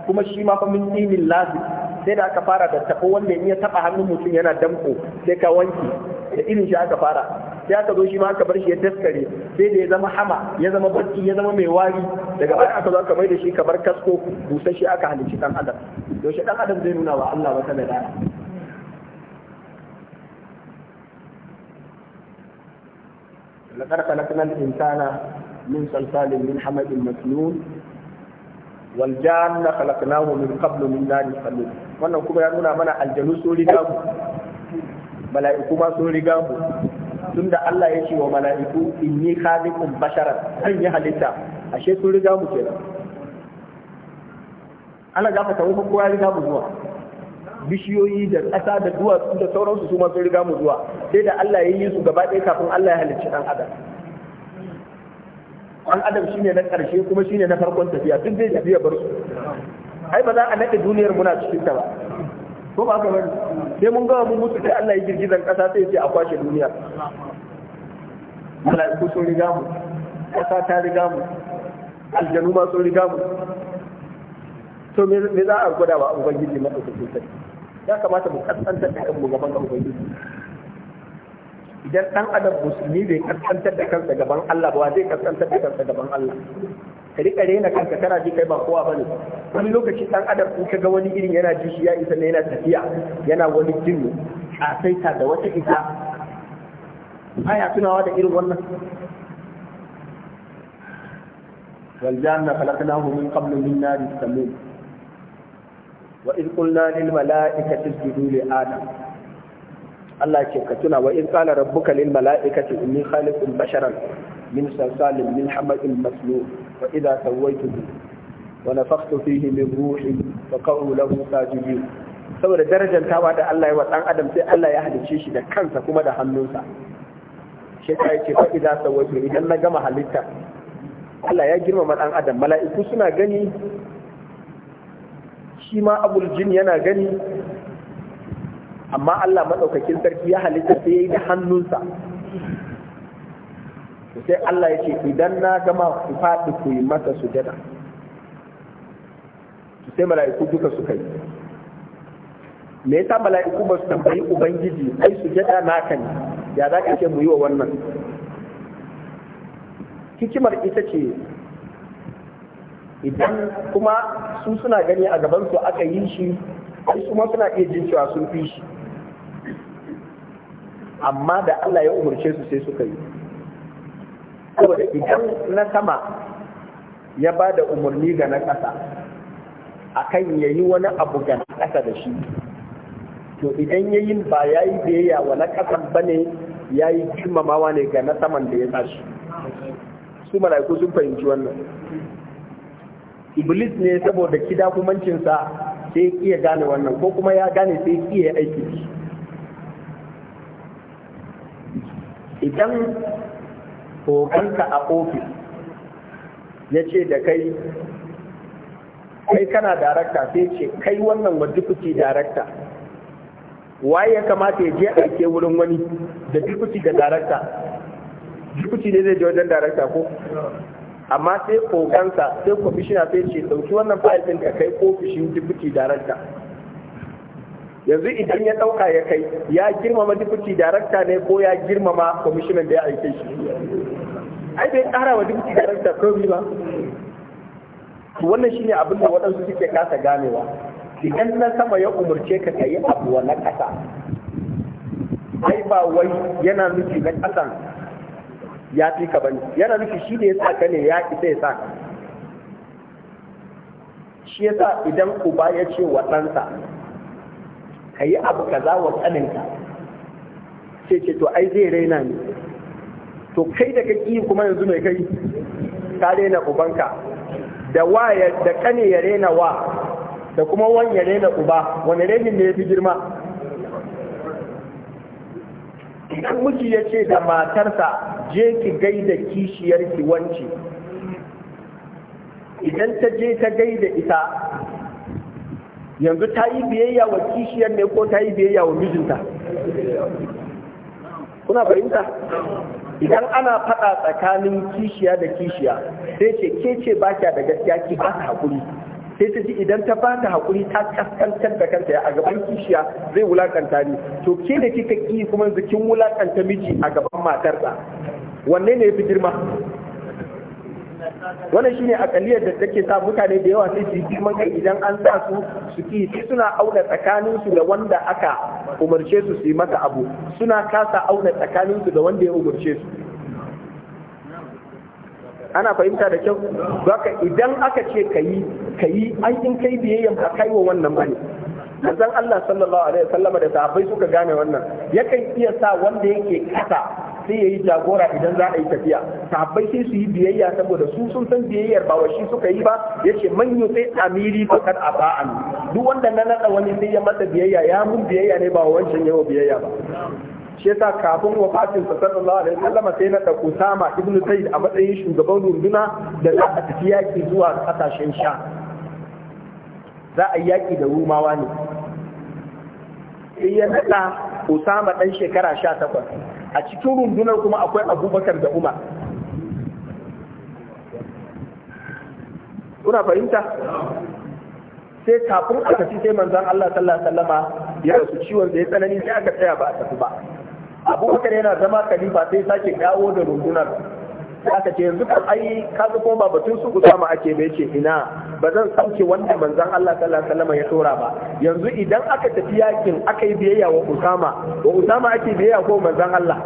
kuma shi ma fa min dinin lazi sai da aka fara da tabo wanda in ya taba hannun mutum yana danko sai ka wanke da irin shi aka fara sai aka zo shi ma aka bar shi ya daskare sai da ya zama hama ya zama barci ya zama mai wari daga baya aka zo aka mai da shi kamar kasko busasshe aka halicci dan adam yaushe dan adam zai nuna wa Allah wata لقد خلقنا الإنسان من صلصال من حمد مسنون والجان خلقناه من قبل من نار الخلود wannan kuma ya nuna mana aljanu sun riga mu mala'iku ma sun riga mu tunda Allah ya ce wa mala'iku inni khaliqun basharan zan yi halitta ashe riga mu kenan kowa riga mu zuwa bishiyoyi da ƙasa da duwatsu da sauransu su masu riga mu zuwa sai da Allah ya yi su gaba ɗaya kafin Allah ya halicci ɗan adam ɗan adam shine na ƙarshe kuma shine na farkon tafiya duk zai tafiya bar su ai ba za a naɗe duniyar muna cikin ta ba ko ba ka bari sai mun gawa mun mutu sai Allah ya girgizan ƙasa sai ce a kwashe duniya mala'iku sun riga mu ƙasa ta riga mu aljanu ma sun riga mu to me za a gwada wa ubangiji maɗaukakin sarki ya kamata mu kaskantar da kanmu gaban ubangiji idan dan adam musulmi bai kaskantar da kansa gaban Allah ba zai kaskantar da kansa gaban Allah ka rika rena kanka kana ji kai ba kowa bane wani lokaci dan adam in ka ga wani irin yana ji shi ya isa ne yana tafiya yana wani jin a saita da wata isa Aya tunawa da irin wannan Waljanna خلقناه min qablu min نار السموم wa in qulna lil mala'ikati isjudu li adam Allah ce ka tuna wa in qala rabbuka lil mala'ikati inni khaliqun basharan min salsalin min hamadin maslul wa idha sawaituhu wa nafakhtu fihi min ruhi fa qa'u lahu sajidin saboda tawa da Allah ya wa dan adam sai Allah ya halice shi da kansa kuma da hannunsa shi ya ce fa idza sawaitu idan na gama halitta Allah ya girmama dan adam mala'iku suna gani shi ma abul jin yana gani amma Allah maɗaukakin sarki ya halitta sai yi da hannunsa sai Allah ya ce idan na gama ku faɗi ku yi masa sujada sai mala'iku duka suka yi me yasa mala'iku ba su tambayi ubangiji ai sujada naka ne ya za ka ce mu yi wa wannan hikimar ita ce idan kuma su suna gani a gaban su aka yi shi sai kuma suna iya jin cewa sun fi shi amma da Allah ya umarce su sai suka yi saboda idan na sama ya ba da umarni ga na ƙasa kan ya yi wani abu ga na ƙasa da shi to idan ya yi ba ya yi biyayya wa na ƙasan ba ne ya yi girmamawa ne ga na saman da ya tashi su mala'iku sun fahimci wannan iblis ne saboda kida kumancinsa sai iya gane wannan ko kuma ya gane sai iya aiki idan oganka a ofis ya ce da kai kai kana darakta sai ce kai wannan wadda kuke darakta waye ya kamata ya je aike wurin wani da dukuti da darakta dukuti ne zai je wajen darakta ko amma sai kogansa sai kwamishina sai ce ɗauki wannan fayil ɗin ka kai ofishin dubuti darakta yanzu idan ya ɗauka ya kai ya girmama dubuti darakta ne ko ya girmama kwamishinan da ya aike shi ai bai kara wa dubuti darakta komi ba wannan shine abin da waɗansu suke kasa ganewa idan na sama ya umarce ka ka yi abu na ƙasa ai ba wai yana nufi na ƙasan ya fi ka bane yana nufi shi da ya sa ka ne ya isa ya sa ka shi ya sa idan uba ya ce wa ɗansa ka yi abu ka za wa tsaninka sai ce to ai zai raina ni to kai da ka ƙi kuma yanzu mai kai ka raina ubanka da wa da kane ya raina wa da kuma wan ya raina uba wani rainin ne ya fi girma idan miji ya ce da matarsa je ki gaida kishiyarki wance idan ta je ta gaida ita yanzu ta yi biyayya wa kishiyar ne ko ta yi biyayya wa mijinta kuna fahimta idan ana faɗa tsakanin kishiya da kishiya sai ce ke ce ba da gaskiya ki ba hakuri sai ta ji idan ta bata hakuri ta kaskantar da kanta a gaban kishiya zai wulakanta ni to ke da kika ki kuma yanzu kin wulakanta miji a gaban matar sa wanne ne yafi girma wannan shine akaliyar da take sa mutane da yawa sai su yi girman kai idan an sa su su ki sai suna auna tsakanin su da wanda aka umarce su su yi masa abu suna kasa auna tsakanin su da wanda ya umarce su ana fahimta da kyau baka idan aka ce kayi kayi an in kai biyayyan ba kai wa wannan bane manzon Allah sallallahu alaihi wasallam da sahabbai suka gane wannan yakan iya sa wanda yake kasa sai yayi jagora idan za a yi tafiya sahabbai sai su yi biyayya saboda su sun san biyayyar ba shi suka yi ba yace ce sai amiri fakar a ba'an duk wanda na naɗa wani sai ya masa biyayya ya mun biyayya ne ba wancan yawo biyayya ba shi yasa kafin wafatin sa sallallahu alaihi wasallam sai na dauko sama ibnu sayyid a matsayin shugaban runduna da za a tafi yaki zuwa kasashen sha za a yaki da rumawa ne sai ya nada usama dan shekara 18 a cikin rundunar kuma akwai abubakar da umar kuna fahimta sai kafin a tafi sai manzon Allah sallallahu alaihi wasallama ya rasu ciwon da ya tsanani sai aka tsaya ba a tafi ba abubakar yana zama khalifa sai sake dawo da rundunar aka ce yanzu kan ai ka ko ba batun su usama ake bai ce ina ba zan sauke wanda manzon Allah sallallahu alaihi wasallam ya tura ba yanzu idan aka tafi yakin aka yi biyayya wa usama wa usama ake biyayya ko manzon Allah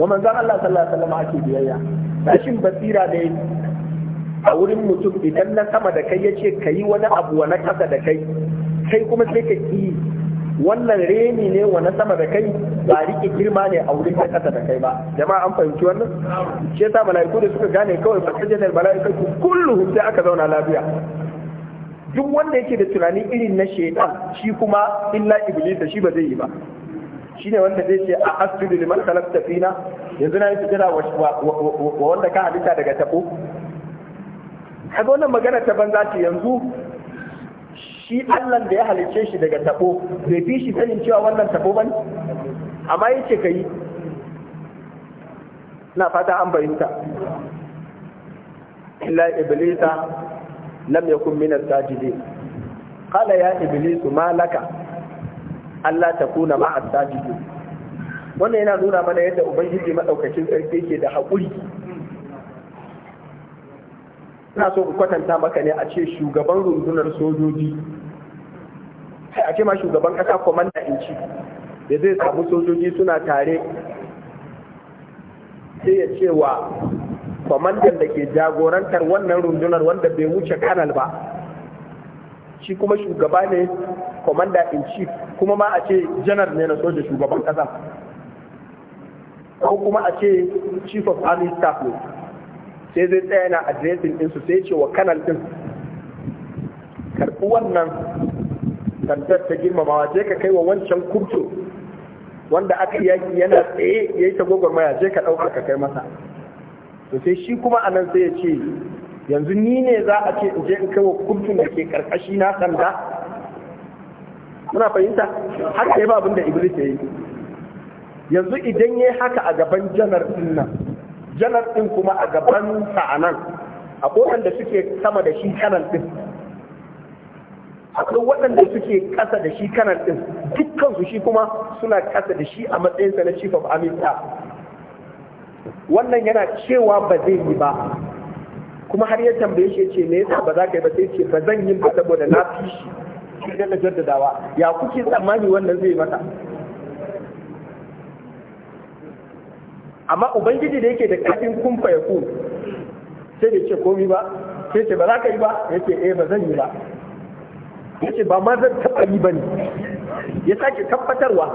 wa manzon Allah sallallahu alaihi wasallam ake biyayya rashin basira da a wurin mutum idan na sama da kai ya ce ka yi wani abu wa na kasa da kai kai kuma sai ka ki wannan reni ne wa na sama da kai ba rike girma ne a wurin kai kasa da kai ba jama'a an fahimci wannan shi yasa mala'iku da suka gane kawai fasajjal mala'ikatu kulluhum sai aka zauna lafiya duk wanda yake da tunani irin na shaitan shi kuma illa iblisa shi ba zai yi ba shi ne wanda zai ce a asjudu liman khalaqta fina yanzu na yi sujada wa wanda ka halitta daga tabo kaga wannan magana ta banza ce yanzu shi Allah da ya halicce shi daga tabo bai fi shi sanin cewa wannan tabo bane amma yace kai na fata an bayyanta illa iblisa lam yakun min as-sajidin qala ya iblisu ma laka ta kuna ma as-sajidin wannan yana nuna mana yadda ubangiji madaukakin sarki yake da haƙuri na so in kwatanta maka ne a ce shugaban rundunar sojoji sai a ce ma shugaban kasa komanda in ci da zai samu sojoji suna tare sai ya ce wa kwamandan da ke jagorantar wannan rundunar wanda bai wuce kanal ba shi kuma shugaba ne komanda in chief kuma ma a ce janar ne na soja shugaban kasa ko kuma a ce chief of army staff ne sai zai tsaya yana adresin din su sai ce wa kanal din karɓi wannan tantar ta girmamawa je ka kai wa wancan kurto wanda aka yaki yana tsaye ya yi ta gwagwarmaya je ka ɗauka ka kai masa to sai shi kuma anan sai ya ce yanzu ni ne za a ce in je in kai wa kurtun da ke karkashi na sanda muna fahimta haka ya ba abin da iblis ya yi yanzu idan ya yi haka a gaban janar din nan janar ɗin kuma a gaban sa a waɗanda suke sama da shi kanar ɗin akwai waɗanda suke ƙasa da shi kanal ɗin dukkansu shi kuma suna ƙasa da shi a matsayinsa na chief of army staff wannan yana cewa ba zai yi ba kuma har ya tambaye shi ce me yasa ba za ka yi ba sai ce ba zan yi ba saboda na fi shi sai da jaddadawa ya kuke tsammani wannan zai mata amma ubangiji da yake da ƙarfin kumfa ya ku sai da ce komi ba sai ce ba za ka yi ba ya ce eh ba zan yi ba ya ce ba ma zan taɓa yi ba ne ya sake tabbatarwa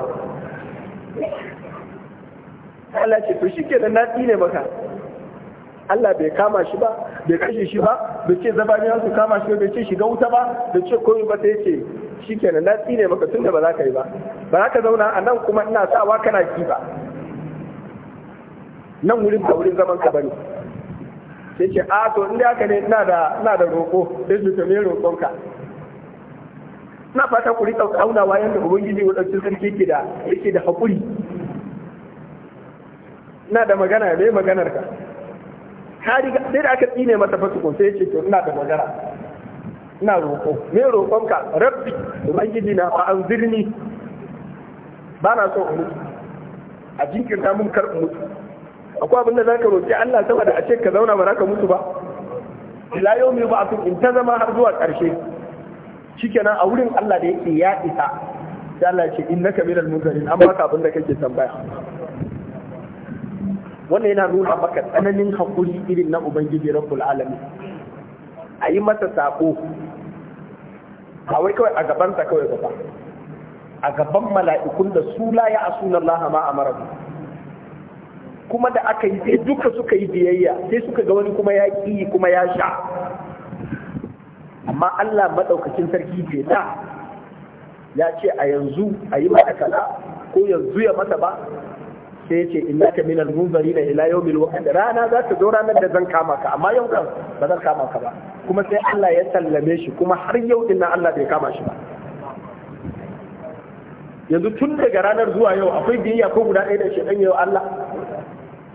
Allah ce to shi ke da na tsine maka Allah bai kama shi ba bai kashe shi ba bai ce ne su kama shi ba bai ce shiga wuta ba bai ce komi ba sai ce shi ke na tsine maka tun da ba za ka yi ba ba za ka zauna a nan kuma ina sawa kana ki ba nan wurin ba wurin zaman ka bane sai ce a ah, to inda aka ne ina da ina da roƙo sai su tame ka na fata ku rika aunawa yanda ubangiji wadansu sarki ke da yake da haƙuri ina da magana ne maganar ka ka riga sai da aka tsine masa fasikon sai ce to ina da magana ina roƙo me ka rabbi ubangiji na fa anzirni bana ba na so in mutu a jinkirta mun kar in mutu akwai abin da zaka roki Allah saboda a ce ka zauna ba ka mutu ba ila yau mai ba in ta zama har zuwa ƙarshe shikenan a wurin Allah da yake ya isa sai Allah ya ce innaka minal muzarin an baka abin da kake tambaya wannan yana nuna maka tsananin hakuri irin na ubangiji rabbul alamin a yi masa sako ba wai kawai a gabansa kawai ba a gaban mala'ikun da su la ya Lahama a ma amara kuma da aka yi sai duka suka yi biyayya sai suka ga wani kuma ya ƙi kuma ya sha amma Allah maɗaukakin sarki bai da ya ce a yanzu a yi mata kaza ko yanzu ya mata ba sai ya ce inna ka minal munzari na ila yau mil wakanda rana za ta zo ranar da zan kama ka amma yau kan ba zan kama ka ba kuma sai Allah ya sallame shi kuma har yau din Allah bai kama shi ba yanzu tun daga ranar zuwa yau akwai biyayya ko guda ɗaya da shi ɗan yau Allah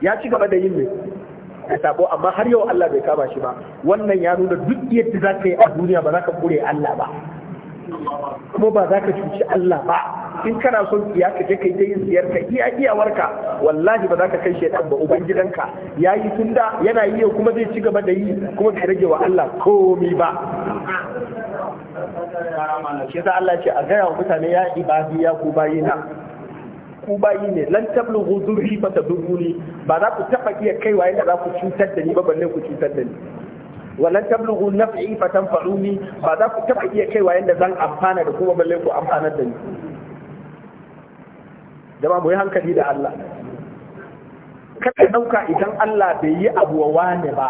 ya ci gaba da yin mai sabo amma har yau Allah bai kama shi ba wannan ya nuna duk yadda za ka yi a duniya ba za ka kure Allah ba kuma ba za ka cuci Allah ba in kana son iya ka je kai ta yin siyar ka iya iyawarka wallahi ba za ka kai shaidan ba ubangidanka ya yi tunda yana yi kuma zai ci gaba da yi kuma ka rage wa Allah komi ba shi Allah ce a gaya wa mutane ya ibadi ya ku bayina ku bayi ne lan tablu durri fa tadurruni ba za ku taba iya waye da za ku cutar da ni ba balle ku cutar da ni lan tablu naf'i fa tanfa'uni ba za ku taba iya waye da zan amfana da kuma balle ku amfanar da ni jama'a mu yi hankali da Allah kada dauka idan Allah bai yi abu wa wani ba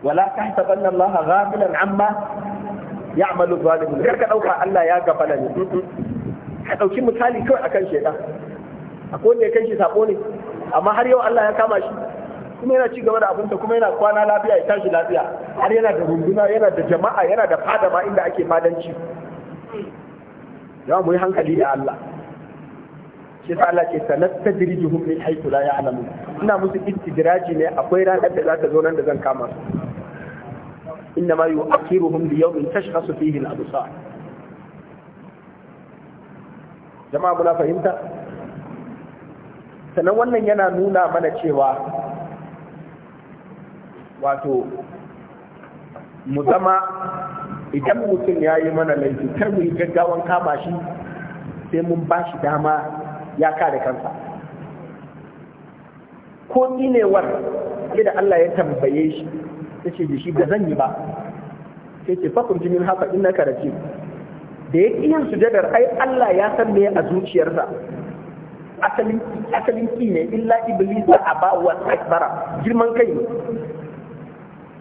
wala tahsabanna Allah ghafilan amma ya'malu zalimun kar ka dauka Allah ya gafala ka ɗauki misali kawai kan shaidan akwai wanda ya kai shi sako ne amma har yau Allah ya kama shi kuma yana ci gaba da abinta kuma yana kwana lafiya ya tashi lafiya har yana da runduna yana da jama'a yana da fada ma inda ake fadanci yawa mu yi hankali da Allah shi sa Allah ke sanastadrijuhum min da la alamu. ina musu istidraji ne akwai ranar da za ta zo nan da zan kama su inna ma yu'akhiruhum li yawmin tashkhasu fihi al-absar jama'a muna fahimta sannan wannan yana nuna mana cewa wato mu zama idan mutum ya yi mana laifi kar mu yi gaggawan kama shi sai mun ba shi dama ya ka da kansa ko ɗinewar da Allah ya tambaye shi ta ce da shi da zan yi ba sai ce fakun jimin haka in na da ya ƙi yin sujadar ai Allah ya san me a zuciyarsa asalin asalin ki ne illa iblis a ba wa akbara girman kai ne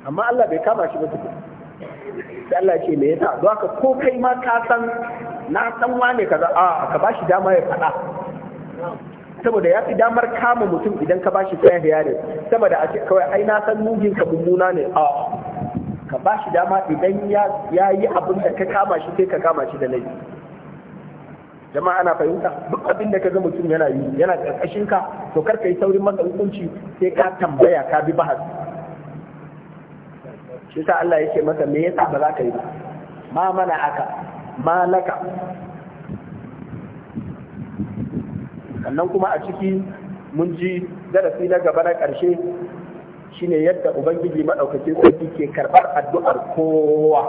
amma Allah bai kama shi ba sai Allah ce me yasa don haka ko kai ma ka san na san wane kaza a ka ba shi dama ya faɗa saboda ya fi damar kama mutum idan ka ba shi sai ya ne saboda a ce kawai ai na san mugin ka mummuna ne a ka ba shi dama idan ya yi abin da ka kama shi sai ka kama shi da laifi jama'a na fahimta duk abin da ka zama mutum yana yi yana karkashin ka to kar ka yi saurin masa hukunci sai ka tambaya ka bi bahas shi sa Allah yake masa me yasa ba za ka yi ba ma mana aka ma laka sannan kuma a ciki mun ji darasi na gaba na karshe shine yadda ubangiji maɗaukaki sarki ke karɓar addu'ar kowa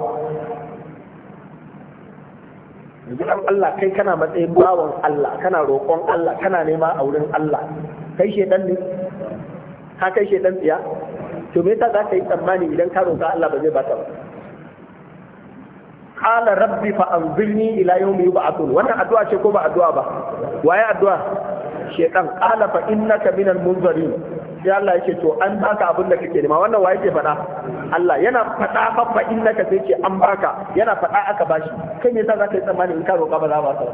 yanzu Allah kai kana matsayin bawan Allah kana roƙon Allah kana nema a wurin Allah kai shaidan ne ka kai shaidan tsiya to me yasa za ka yi tsammani idan ka roƙa Allah ba zai ba ta ba qala rabbi fa anzirni ila yawmi yub'athun wannan addu'a ce ko ba addu'a ba waye addu'a shedan qala fa innaka minal munzirin sai Allah yake to an baka abin da kake nema wannan wa yake faɗa Allah yana faɗa fa innaka sai ce an baka yana faɗa aka bashi kai me yasa zaka yi tsammani in ka roƙa ba za ba ka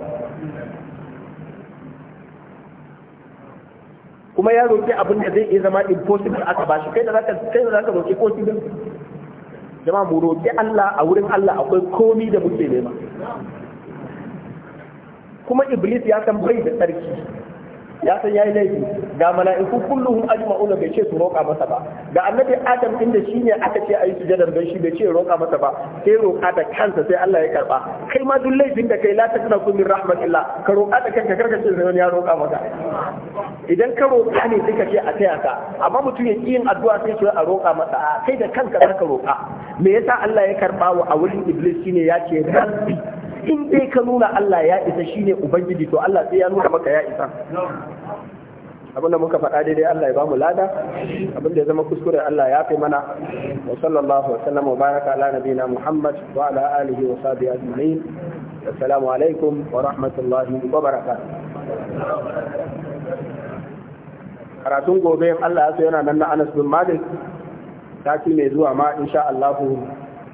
kuma ya roƙi abin da zai iya zama impossible aka bashi kai da zaka kai da zaka roƙi possible jama'a mu roƙi Allah a wurin Allah akwai komi da muke nema kuma iblis ya san bai da tsarki ya san yayi laifi ga mala'iku kulluhum ajma'una bai ce su roƙa masa ba ga annabi adam inda shine aka ce ayi sujadar dan shi bai ce roƙa masa ba sai roƙa da kansa sai Allah ya karba kai ma duk laifin da kai la kana kun min rahmatillah ka roƙa da kanka karka ce sai ya roƙa maka idan ka roƙa ne duka ce a taya ka amma mutum ya yin addu'a sai ce a roƙa masa kai da kanka ka roƙa me yasa Allah ya karba wa a wurin iblis shine ya ce rabbi in dai ka nuna Allah ya isa shine ubangiji to Allah sai ya nuna maka ya isa abinda muka faɗa daidai Allah ya bamu lada abinda ya zama kuskure Allah ya fi mana wa sallallahu wasallam wa baraka ala nabiyina Muhammad wa ala alihi wa sahbihi ajma'in assalamu alaikum wa rahmatullahi wa baraka. karatun gobe Allah ya so yana nan na Anas bin Malik sati mai zuwa ma insha Allah